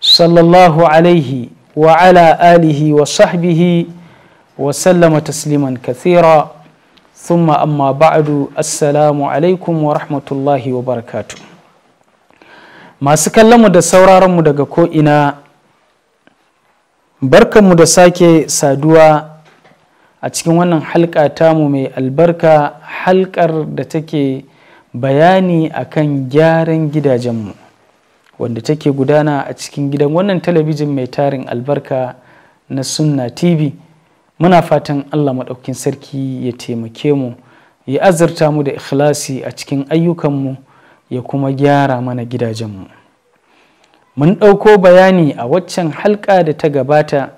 sallallahu alaihi wa ala alihi wa sahbihi wa sallama tasliman kathira thumma amma ba'du assalamu alaikum wa rahmatullahi wa barakatu masu mu da sauraronmu daga ko'ina barkanmu da sake saduwa a cikin wannan halƙa tamu mai albarka halkar da take bayani akan gyaran gyaran gidajenmu wanda take gudana a cikin gidan wannan talabijin mai tarin albarka na sunna tv muna fatan allah maɗaukin sarki ya taimake mu ya azurta mu da ikhlasi a cikin ayyukanmu ya kuma gyara mana gidajenmu mun ɗauko bayani a waccan halka da ta gabata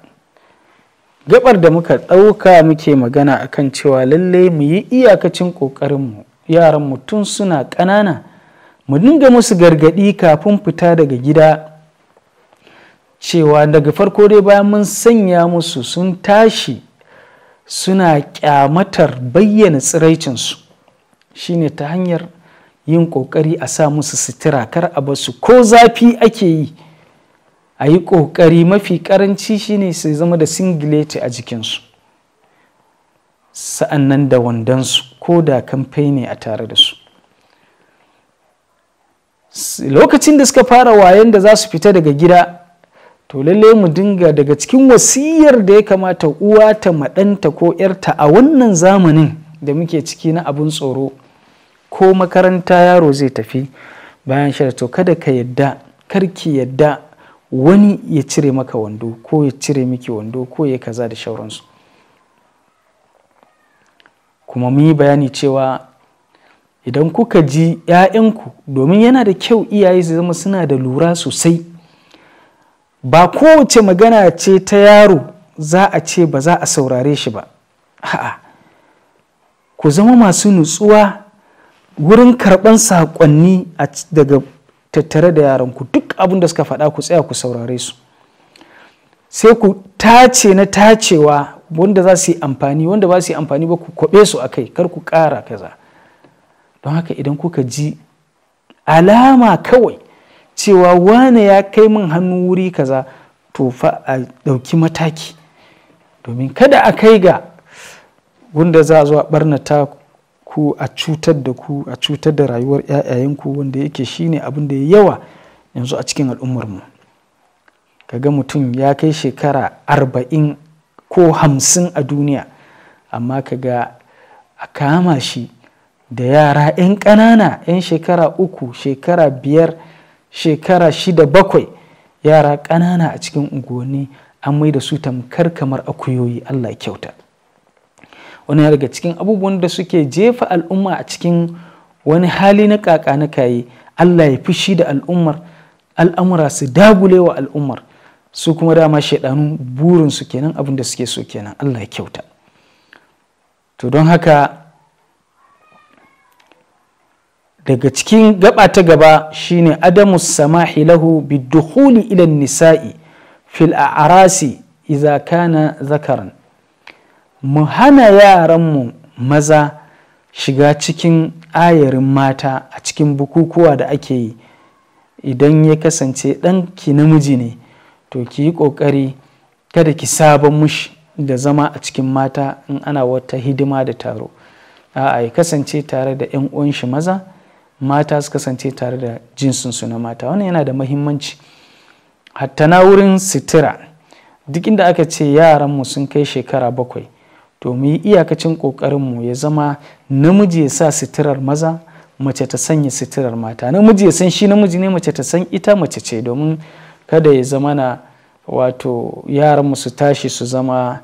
gabar da muka ɗauka muke magana akan cewa lallai mu yi iyakacin ƙoƙarinmu yaran mutum suna ƙanana mu dinga musu gargaɗi kafin fita daga gida cewa daga farko dai bayan mun sanya musu sun tashi suna kyamatar bayyana tsiraicinsu shine ta hanyar yin ƙoƙari a sa musu sitira kar a basu ko zafi ake yi a yi ƙoƙari mafi ƙaranci shine su zama da singileti a jikinsu sa'annan da wandonsu ko da kamfe ne a tare da su lokacin da suka fara wayan da za su fita daga gida to lalle mu dinga daga cikin wasiyar da ya kamata uwa ta maɗanta ko 'yarta a wannan zamanin da muke ciki na abin tsoro ko makaranta yaro zai tafi bayan shirya to kada ka yadda karki yadda wani ya cire maka wando ko ya cire miki wando ko ya kaza da shauransu kuma mu yi bayani cewa idan kuka ji 'ya'yanku domin yana da kyau iyaye su zama suna da lura sosai ba kowace magana ce ta yaro za a ce ba za a saurare shi ba a'a ku zama masu nutsuwa wurin karɓan saƙonni daga tattare da yaranku duk abin da suka faɗa ku tsaya ku saurare su sai ku tace na tacewa wanda za su yi amfani wanda ba su yi amfani ba ku kwaɓe su a kai kar ku ƙara kaza don haka idan kuka ji alama kawai cewa wane ya kai min hannu wuri kaza to fa a ɗauki mataki domin kada a kai ga wanda za a zo a barnata ku a cutar da ku a cutar da rayuwar ku wanda yake shine abin da ya yawa yanzu a cikin al'ummarmu kaga mutum ya kai shekara arba'in ko hamsin a duniya amma kaga a kama shi da yara 'yan ƙanana 'yan shekara uku shekara biyar shekara shida bakwai yara ƙanana a cikin unguwanni an mai da su tamkar kamar akuyoyi allah kyauta wani daga cikin abubuwan da suke jefa al'umma a cikin wani hali na kaka na kayi allah ya fushi da al'ummar al'amura su dagule wa al'ummar su kuma dama shaidanu burinsu kenan abin da suke so kenan allah ya kyauta to don haka daga cikin gaba ta gaba shine adamu samahi lahu bidukhuli ila nisa'i fil a'rasi idza kana zakaran mu hana yaran mu maza shiga cikin ayarin mata a cikin bukukuwa da ake yi idan ya kasance ɗanki namiji ne to ki yi ƙoƙari kada ki sabon mushi da zama a cikin mata in ana wata hidima da taro a'a ya kasance tare da 'yan uwan shi maza mata su kasance tare da jinsinsu na mata wannan yana da mahimmanci hatta na wurin sitira duk inda aka ce yaran mu sun kai shekara bakwai to mu yi iyakacin mu ya zama namiji ya sa sitirar maza mace ta sanya sitirar mata namiji ya san shi namiji ne mace ta san ita mace ce domin kada ya zama na wato yaranmu su tashi su zama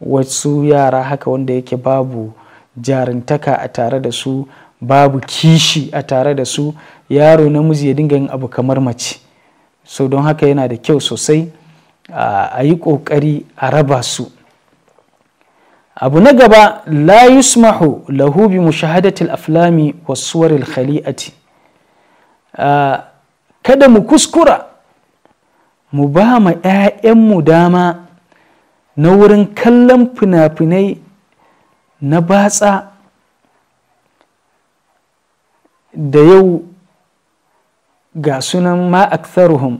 wasu yara haka wanda yake babu jarintaka a tare da su babu kishi a tare da su yaro namiji ya dinga yin abu kamar mace so don haka yana da kyau sosai a yi ƙoƙari a raba su abu na gaba la yusmahu lahu bi mushahadatil aflami wa suwaril khali'ati kada mu kuskura mu ba ma 'ya'yanmu dama na wurin kallon fina-finai na batsa da yau ga sunan ma aktharuhum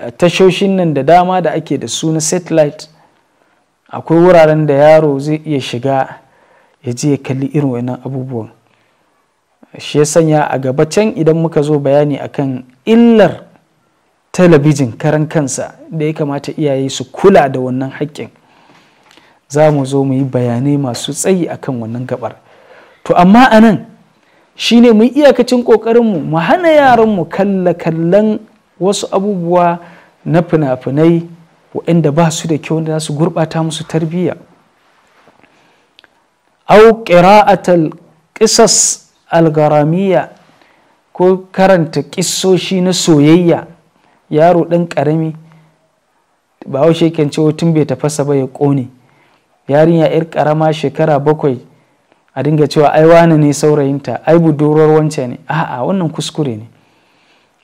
eh, tashoshin nan da dama da ake da su na satellite akwai wuraren da yaro zai iya shiga ya je ya kalli irin wannan abubuwan shi ya sanya a gaba idan muka zo bayani akan illar talabijin karan kansa da ya kamata iyaye su kula da wannan haƙƙin za mu zo mu yi bayanai masu tsayi akan wannan gabar to amma anan nan shi ne mu iyakacin ƙoƙarinmu mu hana yaranmu kalla kallon wasu abubuwa na fina-finai waɗanda ba su da kyau da su gurɓata musu tarbiyya au ƙira'atal ƙisas algaramiya ko karanta ƙisoshi na soyayya yaro ɗan ƙarami ba wa shekin ce tun bai tafasa ba ya ƙone yarinya 'yar ƙarama shekara bakwai a dinga cewa ai wani ne saurayinta ai budurwar wance ne a'a wannan kuskure ne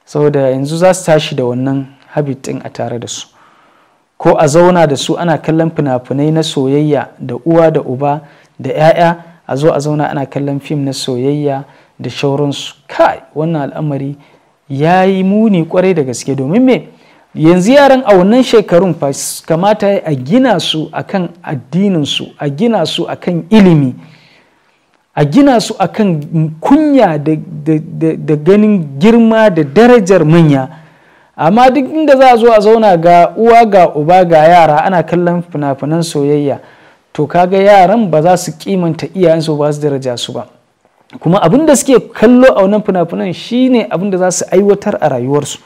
saboda yanzu za su tashi da wannan habit ɗin a tare da su ko a zauna da su ana kallon fina-finai na soyayya da uwa da uba da 'ya'ya a zo a zauna ana kallon fim na soyayya da shauransu kai wannan al'amari ya yi muni kwarai da gaske domin me yanzu yaran a wannan shekarun kamata a gina su akan addinin su a gina su akan ilimi a gina su akan kunya da ganin girma da darajar manya amma duk inda za a zo a zauna ga uwa ga uba ga yara ana kallon fina-finan soyayya to kaga yaran ba za su kimanta iyayensu ba su daraja su ba kuma abin da suke kallo a wannan fina-finan shine abin da za su aiwatar a rayuwarsu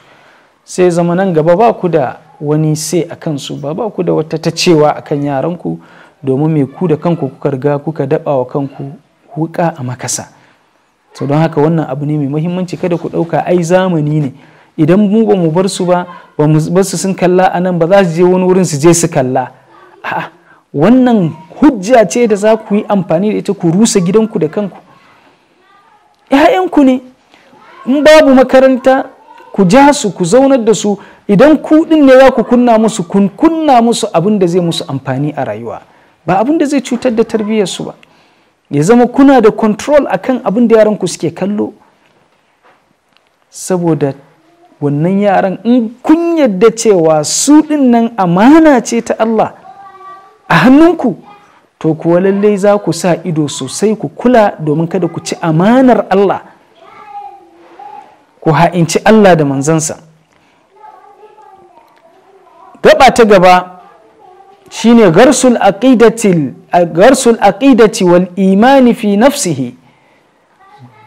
sai zama nan gaba ba ku da wani sai a kansu ba ba ku da wata ta cewa a akan yaranku domin me ku da kanku kuka riga kuka daba wa kanku wuka a makasa to don haka wannan abu ne mai muhimmanci kada ku ɗauka ai zamani ne idan mu ba mu bar su ba ba mu bar su sun kalla a nan ba za su je wani wurin su je su kalla a'a wannan hujja ce da za ku yi amfani da ita ku rusa gidanku da kanku ‘ya'yanku ne in babu makaranta ku ja su ku zaunar da su idan ku din ne za ku kunna musu kun kunna musu abin da zai musu amfani a rayuwa ba abin da zai cutar da tarbiyyarsu ba ya zama kuna da control akan abin da yaranku suke kallo saboda wannan yaran in kun yadda cewa su ɗin nan amana ce ta Allah a hannunku to kuwa lallai za ku sa ido sosai ku kula domin kada ku ci amanar Allah ku ha'inci Allah da manzansa gaba ta gaba shine garsul aqidatil garsul aqidati wal imani fi nafsihi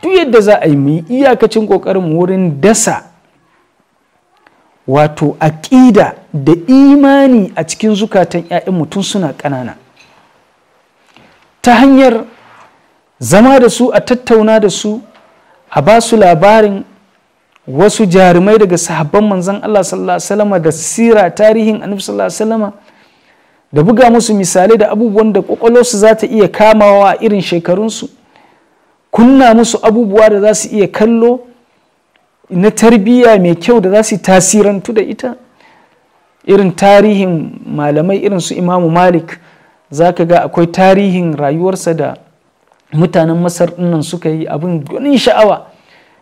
duk yadda za a yi mu iyakacin kokarin wurin dasa wato aƙida da imani a cikin zukatan 'ya'yan mutum suna ƙanana ta hanyar zama da su a tattauna da su a ba su labarin wasu jarumai daga sahabban manzan Allah sallallahu alaihi wasallam da sira tarihin annabi sallallahu alaihi wasallam da buga musu misalai da abubuwan da kwakwalwarsu za ta iya kamawa a irin shekarunsu kunna musu abubuwa da za su iya kallo na tarbiyya mai kyau da za su tasirantu da ita irin tarihin malamai irin su imamu malik za ka ga akwai tarihin rayuwarsa da mutanen masar ɗinnan suka yi abin gwanin sha'awa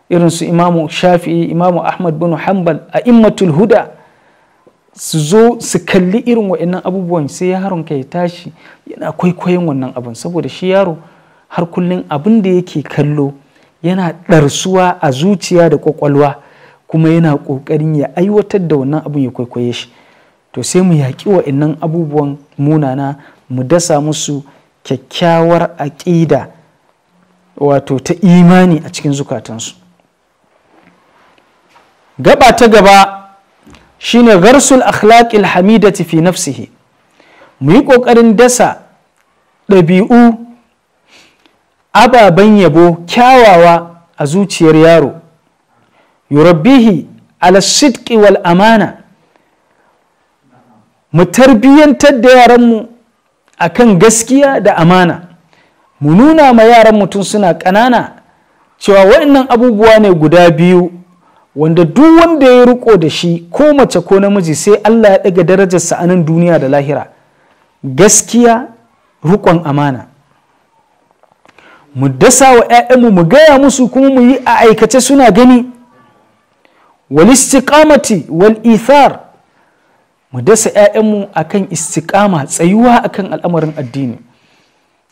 irin su imamu shafi'i imamu ahmad bin hanbal a immatul huda su zo su kalli irin wa'annan abubuwan sai yaron ka ya tashi yana kwaikwayon wannan abin saboda shi yaro har kullum abin da yake kallo yana ɗarsuwa a zuciya da ƙwaƙwalwa kuma yana ƙoƙarin ya aiwatar da wannan abin ya kwaikwaye shi to sai mu yaƙi wa'annan abubuwan munana mu dasa musu kyakkyawar aƙida wato ta imani a cikin zukatansu gaba ta gaba shine garsul akhlaqil hamidati fi nafsihi mu yi ƙoƙarin dasa ɗabi'u ababen yabo kyawawa a zuciyar yaro yurabbihi ala sidqi wal amana mu tarbiyyantar da yaranmu a kan gaskiya da amana mu nuna ma yaran mutum suna ƙanana cewa waɗannan abubuwa ne guda biyu wanda duk wanda ya riko da shi ko mace ko namiji sai Allah ya daga darajarsa a nan duniya da lahira gaskiya rikon amana mu dasa wa 'ya'yanmu mu gaya musu kuma mu yi a aikace suna gani wal istiqamati wal ithar mu dasa 'ya'yanmu akan istiqama tsayuwa akan al'amarin addini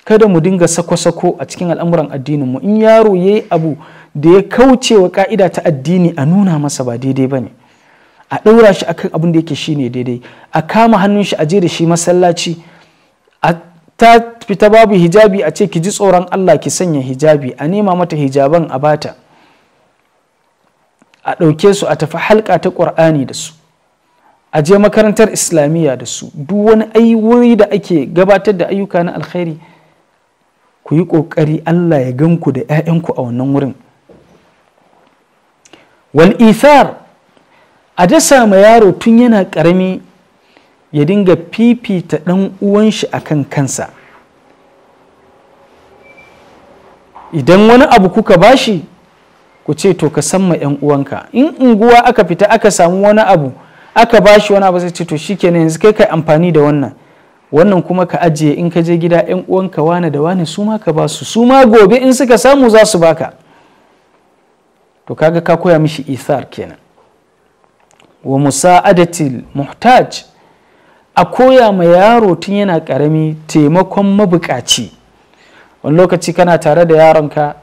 kada mu dinga sako-sako a cikin al'amuran addinin mu in yaro ya yi abu da ya kauce wa ka'ida ta addini a nuna masa ba daidai ba ne a ɗaura shi akan abin da yake shi ne daidai a kama hannun shi a je da shi masallaci a ta fita babu hijabi a ce ki ji tsoron Allah ki sanya hijabi a nema mata hijaban a bata a ɗauke su a tafi halka ta ƙur'ani da su a je makarantar islamiyya da su duk wani aiwuri da ake gabatar da ayyuka na alkhairi ku yi ƙoƙari Allah ya ganku da 'ya'yanku a wannan wurin wal ithar a dasa ma yaro tun yana karami ya dinga fifita ɗan uwan shi akan kansa idan wani abu kuka bashi ku ce to ka san ma yan uwanka in unguwa aka fita aka samu wani abu aka bashi wani abu sai ce to shikenan yanzu kai kai amfani da wannan wannan kuma ka ajiye in ka je gida yan uwanka wane da wane su ma ka basu su ma gobe in suka samu za su baka to kaga ka koya mishi isar kenan wa musa'adatil muhtaj a koya ma yaro tun yana karami taimakon mabukaci wani lokaci kana tare da yaronka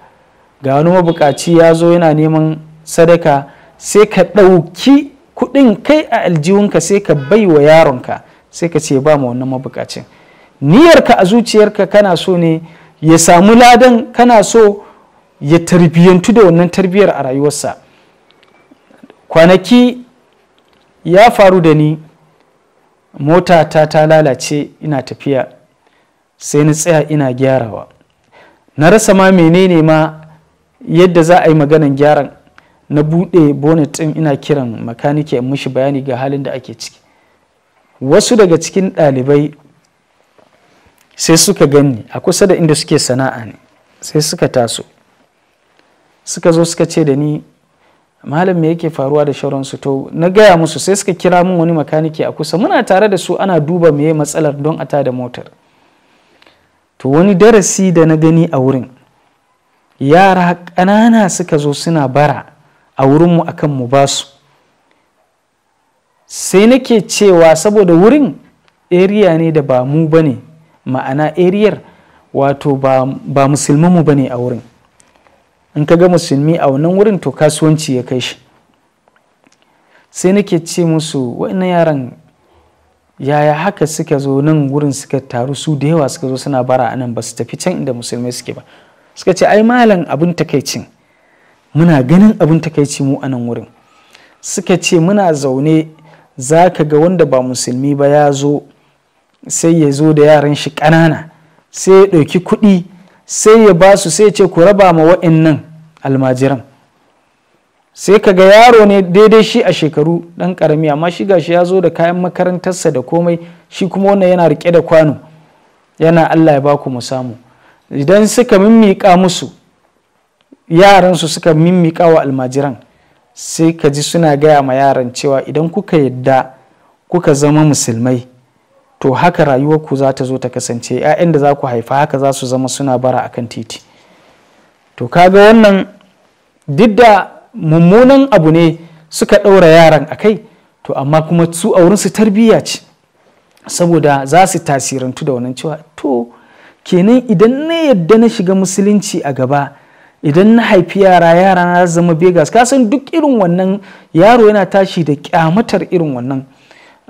ga wani mabukaci ya zo yana neman sadaka sai ka ɗauki kuɗin kai a aljihunka sai ka bai wa yaronka sai ka ce ba ma wannan mabukacin niyarka a zuciyarka kana so ne ya samu ladan kana so ya tarbiyyantu da wannan tarbiyyar a rayuwarsa kwanaki ya faru da ni mota ta ta lalace ina tafiya sai na tsaya ina gyarawa na rasa ma menene ma yadda za a yi maganan gyaran na buɗe bonnet ɗin ina kiran makanike mishi bayani ga halin da ake ciki wasu daga cikin ɗalibai sai suka gani a kusa da inda suke sana'a ne sai suka taso suka zo suka ce da ni malam me yake faruwa da su to na gaya musu sai suka kira min wani makaniki a kusa muna tare da su ana duba me matsalar don a da motar to wani darasi da na gani a wurin yara ƙanana suka zo suna bara a wurinmu akan mu basu sai nake cewa saboda wurin area ne da ba mu bane ma'ana eriyar wato ba musulmanmu bane a wurin in ka ga musulmi a wannan wurin to kasuwanci ya kai shi sai nake ce musu wa'annan yaran yaya haka suka zo nan wurin suka taru su da yawa suka zo suna bara anan ba su tafi can inda musulmai suke ba suka ce ai malam abin takaicin muna ganin abin takaici mu anan wurin suka ce muna zaune za ka ga wanda ba musulmi ba ya zo sai ya zo da yaran shi ƙanana sai ya ɗauki kuɗi sai ya ba su sai ce ku raba ma wa'annan almajiran sai kaga yaro ne daidai shi a shekaru dan karami amma shi gashi ya zo da kayan makarantarsa da komai shi kuma wannan yana rike da kwano yana Allah ya baku mu samu idan suka mimmiƙa musu yaransu suka mimmiƙa wa almajiran sai ka ji suna gaya ma yaran cewa idan kuka yadda kuka zama musulmai to haka rayuwarku za ta zo ta kasance 'ya'yan da za ku haifa haka za su zama suna bara a kan titi to kaga wannan duk da mummunan abu ne suka ɗaura yaran a kai to amma kuma su a su tarbiyya ce saboda za su tasirantu da wannan cewa to kenan idan na yadda na shiga musulunci a gaba idan na haifi yara yara na zama begas kasan duk irin wannan yaro yana tashi da kyamatar irin wannan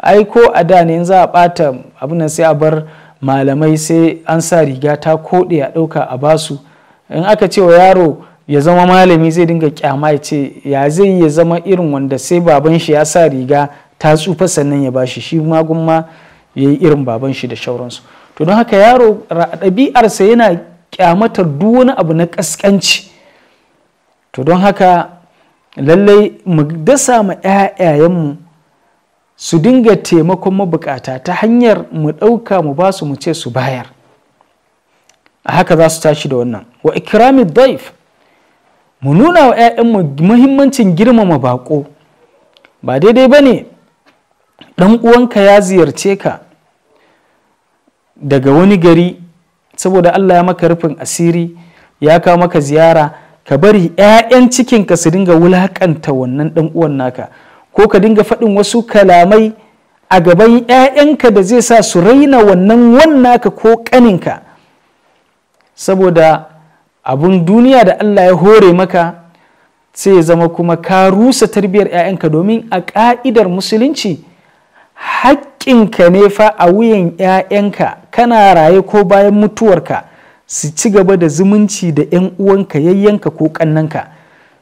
ai ko a da ne za a ɓata abin sai a bar malamai sai an sa riga ta koɗe a ɗauka a basu in aka ce wa yaro ya zama malami zai dinga kyama ya ce ya zai ya zama irin wanda sai baban shi ya sa riga ta tsufa sannan ya bashi shi magun ma ya yi irin baban shi da shauransu to don haka yaro ɗabi'arsa yana kyamatar duk wani abu na ƙasƙanci to don haka lallai mu dasa ma 'ya'yayenmu su dinga taimakon mabukata ta hanyar mu ɗauka mu basu su mu ce su bayar a haka za su tashi da wannan wa ikrami daif mu nuna wa 'ya'yanmu muhimmancin girmama baƙo ba daidai ba ne ɗan uwanka ya ziyarce ka daga wani gari saboda allah ya maka rufin asiri ya kawo maka ziyara ka bari 'ya'yan ka su dinga wulaƙanta wannan ɗan uwan naka ko ka dinga faɗin wasu kalamai a gaban 'ya'yanka da zai sa su raina wannan ka ko ƙaninka saboda abun duniya da Allah ya hore maka sai zama kuma ka rusa tarbiyyar 'ya'yanka domin a ƙa'idar musulunci haƙƙinka ne fa a wuyan 'ya'yanka kana raye ko bayan mutuwarka su ci gaba da zumunci da 'yan uwanka yayyanka ko ƙannanka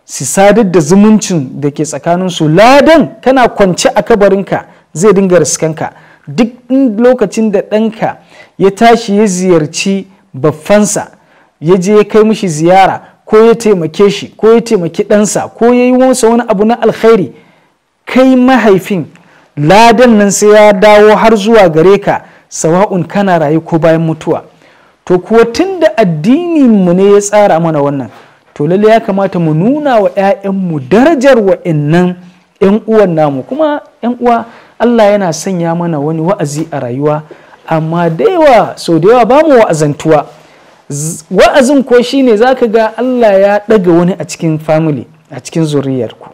su sadar da zumuncin da ke tsakanin su. ladan kana kwance a kabarinka zai dinga riskanka duk lokacin da ɗanka ya tashi ya ziyarci baffansa ya je ya kai mishi ziyara ko ya taimake shi ko ya taimaki ɗansa ko ya yi masa wani abu na alkhairi kai mahaifin ladan nan sai ya dawo har zuwa gare ka sawa'un kana rayu ko bayan mutuwa to kuwa tun da addinin mu ne ya tsara mana wannan to lalle ya kamata mu nuna wa mu darajar wa'annan 'yan uwan namu kuma 'yan uwa Allah yana sanya mana wani wa'azi a rayuwa amma da yawa sau da yawa ba mu wa'azantuwa wa'azin ko shine zaka ga Allah ya ɗaga wani a cikin family a cikin zuriyarku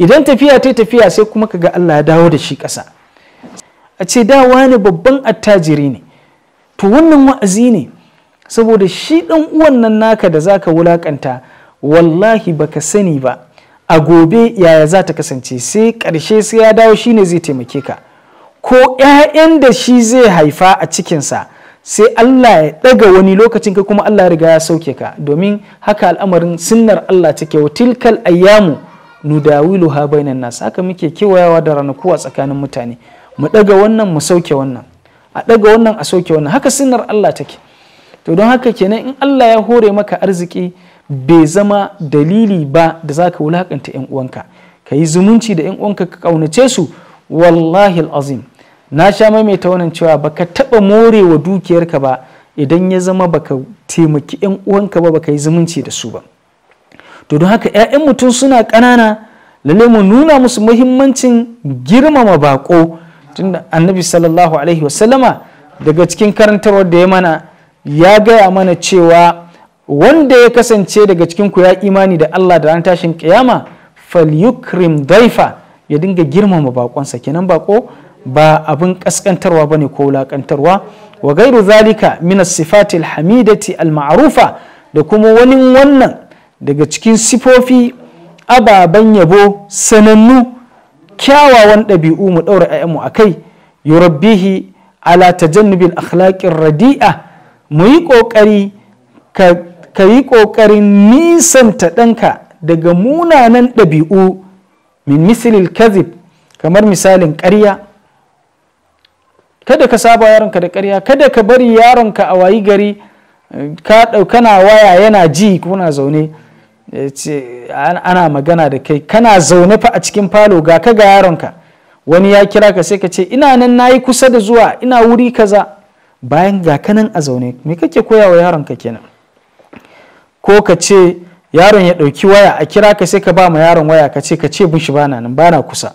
idan tafiya ta tafiya sai kuma ka ga Allah ya dawo da shi ƙasa a ce da wani babban attajiri ne to wannan wa'azi ne saboda shi ɗan uwan nan naka da zaka wulakanta wallahi baka sani ba a gobe yaya za ta kasance sai ƙarshe sai ya dawo shine zai taimake ka ko 'ya'yan da shi zai haifa a cikinsa sai Allah ya ɗaga wani lokacin ka kuma Allah ya riga ya sauke ka domin haka al'amarin sunnar Allah take wa tilkal ayyamu nudawiluha bainan nas haka muke kewayawa da ranaku a tsakanin mutane mu ɗaga wannan mu sauke wannan a ɗaga wannan a sauke wannan haka sunnar Allah take to don haka kenan in Allah ya hore maka arziki bai zama dalili ba da za ka wulakanta 'yan uwanka ka yi zumunci da 'yan uwanka ka kaunace su wallahi azim na sha maimaita wannan cewa baka taɓa more wa dukiyarka ba idan ya zama baka taimaki 'yan uwanka ba baka yi zumunci da su ba to don haka 'ya'yan mutum suna ƙanana lalle mu nuna musu muhimmancin girmama baƙo tunda annabi sallallahu alaihi wasallama daga cikin karantarwar da ya mana ya gaya mana cewa wanda ya kasance daga cikin ku ya imani da Allah da ran tashin kiyama falyukrim daifa ya dinga girmama bakonsa kenan bako ba abin kaskantarwa bane ko wulakantarwa wa gairu zalika min sifatil hamidati al ma'rufa da kuma wani wannan daga cikin sifofi ababen yabo sanannu kyawawan ɗabi'u mu ɗaura 'ya'yanmu a kai yurabbihi ala tajannubil akhlaqir radi'a mu yi ƙoƙari ka yi ƙoƙarin nisanta ɗanka daga munanan ɗabi'u min misilil kazib kamar misalin ƙarya kada ka saba yaronka da ƙarya kada ka bari yaronka a wayi gari ka ɗaukana waya yana ji kuna zaune ana magana da kai kana zaune fa a cikin falo ga ka ga yaronka wani ya kira ka sai ka ce ina nan na yi kusa da zuwa ina wuri kaza bayan ga kanan a zaune me kake koya wa yaronka kenan ko ka ce yaron ya ɗauki waya a kira ka sai ka ba ma yaron waya ka ce ka ce shi bana nan bana kusa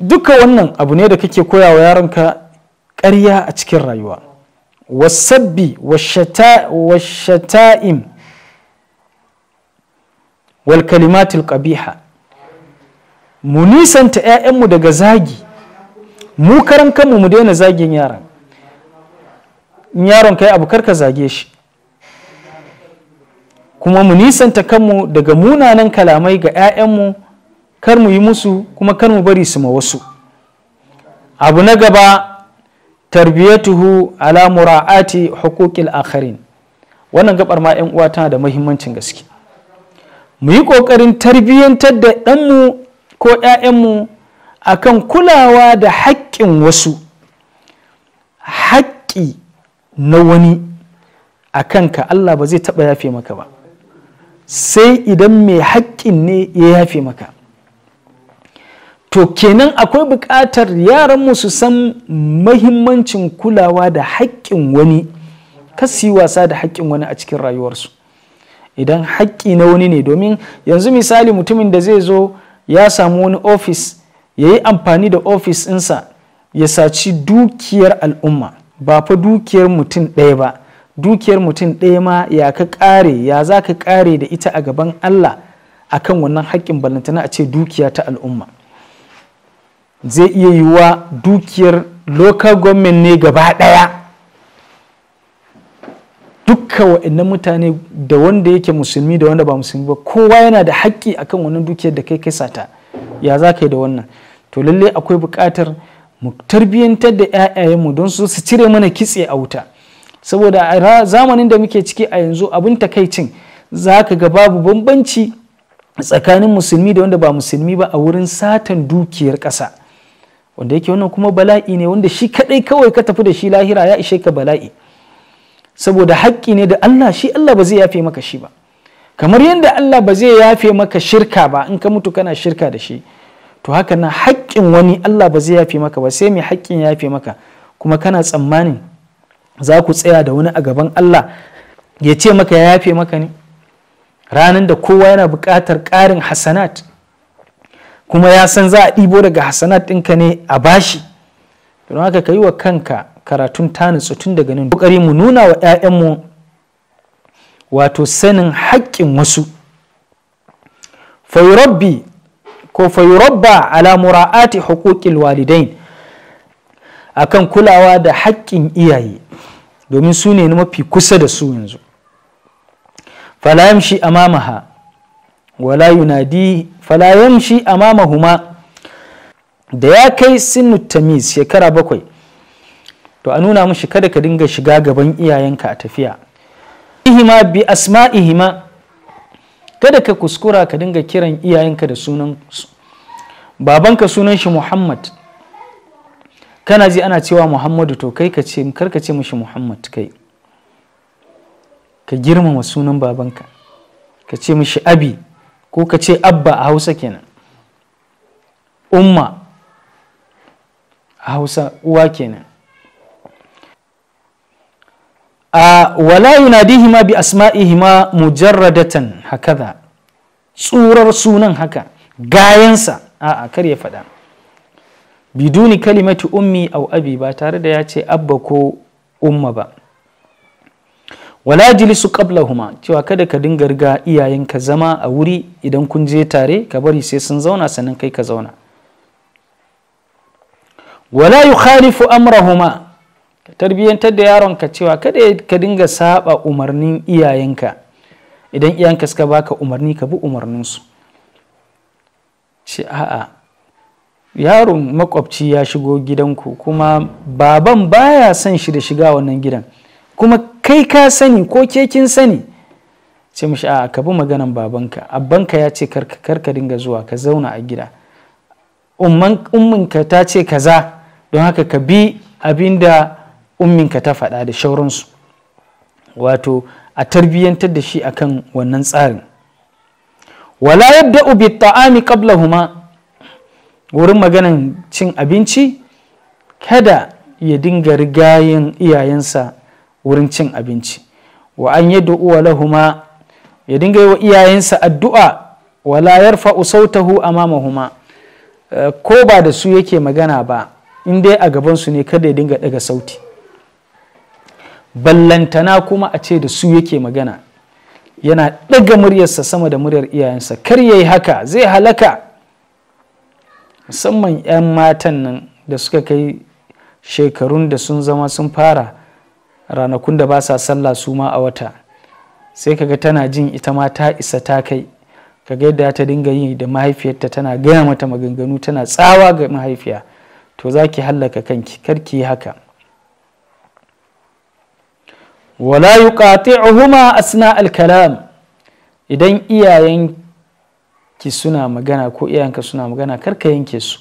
duka wannan abu ne da kake koya wa yaronka ƙarya a cikin rayuwa wasabbi washata'im wal kalimatul qabiha mu nisanta 'ya'yanmu daga zagi mu karan kanmu mu daina zagin yaron. in yaron kai abu karka zage shi kuma mu nisanta kanmu daga munanan kalamai ga 'ya'yanmu kar mu yi musu kuma kar mu bari su ma wasu abu na gaba tarbiyatuhu ala mura'ati hukukil akharin wannan gabar ma 'yan uwa tana da mahimmancin gaske mu yi ƙoƙarin tarbiyyantar da ɗanmu ko 'ya'yanmu akan kulawa da haƙƙin wasu haƙƙi na wani a kanka Allah ba zai taɓa yafe maka ba sai idan mai haƙƙin ne ya yafe maka to kenan akwai buƙatar yaran mu su san mahimmancin kulawa da haƙƙin wani kasi wasa da haƙƙin wani a cikin rayuwarsu idan haƙƙi na wani ne domin yanzu misali mutumin da zai zo ya samu wani ofis ya yi amfani da ofis ɗinsa ya saci dukiyar al'umma ba fa dukiyar mutum ɗaya ba dukiyar mutum ɗaya ma ya ka ƙare ya za ka ƙare da ita a gaban Allah akan wannan haƙƙin ballantana a ce dukiya ta al'umma zai iya yiwuwa dukiyar local government ne gaba ɗaya dukka wa'annan mutane da wanda yake musulmi da wanda ba musulmi ba kowa yana da haƙƙi akan wannan dukiyar da kai kai sata ya za ka yi da wannan to lallai akwai buƙatar mu tarbiyyantar da 'ya'yayenmu don su su cire mana kitse a wuta saboda a zamanin da muke ciki a yanzu abin takaicin za ka ga babu bambanci tsakanin musulmi da wanda ba musulmi ba a wurin satan dukiyar ƙasa wanda yake wannan kuma bala'i ne wanda shi kadai kawai ka tafi da shi lahira ya ishe ka bala'i saboda haƙƙi ne da Allah shi Allah ba zai yafe maka shi ba kamar yadda Allah ba zai yafe maka shirka ba in ka mutu kana shirka da shi to haka nan haƙƙin wani Allah ba zai yafe maka ba sai mai haƙƙin ya yafe maka kuma kana tsammanin za ku tsaya da wani a gaban Allah ya ce maka ya yafe maka ne ranar da kowa yana buƙatar ƙarin hasanat kuma ya san za a ɗibo daga hasanat ɗinka ne a bashi don haka ka yi wa kanka karatun tanitsu tun daga nan ƙoƙari mu nuna wa 'ya'yanmu wato sanin haƙƙin wasu fa rabbi ko fa ala mura'ati hukukin walidain akan kulawa da haƙƙin iyaye domin su ne mafi kusa da su yanzu fala yamshi amamaha wala yamshi da ya kai sinu tamiz shekara bakwai to a nuna mashi kada ka dinga shiga gaban iyayenka a tafiya ihima bi asma'ihima kada ka kuskura ka dinga kiran iyayenka da sunan babanka sunan shi muhammad kana ji ana cewa muhammadu to kai ka ce karka ce mishi muhammad kai ka girmama sunan babanka ka ce mishi abi ko ka ce abba a hausa kenan umma a hausa uwa kenan A wala yunadihima bi asma'ihima mujarradatan hakaza tsurar sunan haka gayansa a'a kar ya faɗa biduni kalimati ummi a abi ba tare da ya ce abba ko umma ba wala jilisu huma cewa kada ka dinga riga iyayenka zama a wuri idan kun je tare ka bari sai sun zauna sannan kai ka zauna wala yukhalifu amrahuma ka tarbiyyantar da yaronka cewa kada ka dinga saba umarnin iyayenka idan iyayenka suka baka umarni ka bi umarninsu ce a'a yaron makwabci ya shigo gidanku kuma baban baya son shi da shiga wannan gidan kuma kai ka sani ko ke kin sani ce mishi a'a ka bi maganan babanka abbanka ya ce karka dinga zuwa ka zauna a gida umminka ta ce kaza don haka ka bi abinda umminka ta faɗa da shauransu wato a tarbiyyantar da shi akan wannan tsarin wala yadda ubi ta'ami huma wurin maganan cin abinci kada ya dinga rigayen iyayensa wurin cin abinci wa an yi lahuma ya dinga yi wa iyayensa addu'a wala yarfa sautahu huma eh, ko ba da su yake magana ba in dai a gabansu ne kada ya dinga daga sauti ballantana kuma a ce da su yake magana yana ɗaga muryarsa sama da muryar iyayensa kar yayi haka zai halaka musamman 'yan matan nan da suka kai shekarun da sun zama sun fara ranakun da ba sa sallah su ma a wata sai kaga tana jin ita ma ta isa ta kai kaga yadda ta dinga yi da mahaifiyarta tana gaya mata maganganu tana tsawa ga mahaifiya to za ki hallaka kanki kar ki yi haka wala yuqati'uhuma a al-kalam idan iyayen ki suna magana ko iyayenka suna magana karka yanke su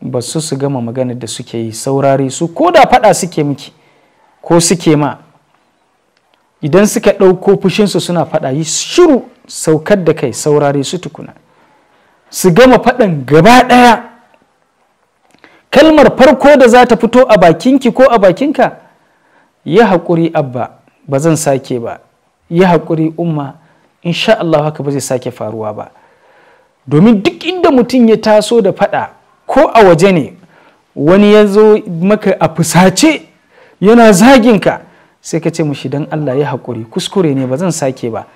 ba su su gama magana da suke yi saurare su ko da fada suke miki ko suke ma idan suka ɗauko fushinsu suna fada yi shiru saukar da kai saurare su tukuna su gama faɗan gaba ɗaya kalmar farko da za ta fito a bakinki ko a bakinka Yi haƙuri abba ba zan sake ba ya haƙuri umma insha Allah haka ba zai sake faruwa ba domin duk inda mutum ya taso da faɗa ko a waje ne wani ya zo maka a fusace yana zaginka sai ka ce mushi don Allah ya haƙuri kuskure ne ba zan sake ba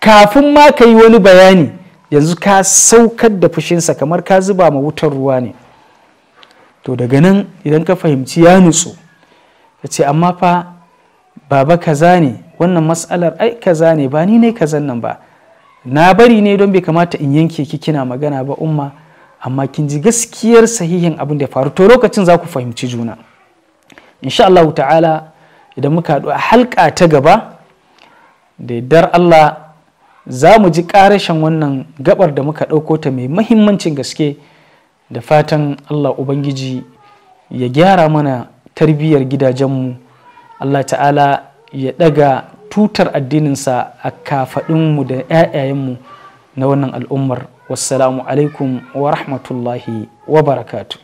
kafin ma ka yi wani bayani yanzu ka saukar da fushinsa kamar ka zuba ma wutar ruwa ne to daga nan idan ka fahimci ya nutsu ya ce amma fa baba kaza ne wannan matsalar ai kaza ne ba ni ne kazan nan ba na bari ne don bai kamata in yanke ki kina magana ba umma amma kin ji gaskiyar sahihin abin da ya faru to lokacin za ku fahimci juna insha Allah ta'ala idan muka haɗu a halka ta gaba da dar Allah za mu ji ƙarashin wannan gabar da muka ɗauko ta mai mahimmancin gaske da fatan Allah Ubangiji ya gyara mana tarbiyyar gidajenmu allah ta'ala ya daga tutar addininsa a kafaɗinmu da 'ya'yayenmu na wannan al'ummar wassalamu alaikum wa rahmatullahi wa barakatu.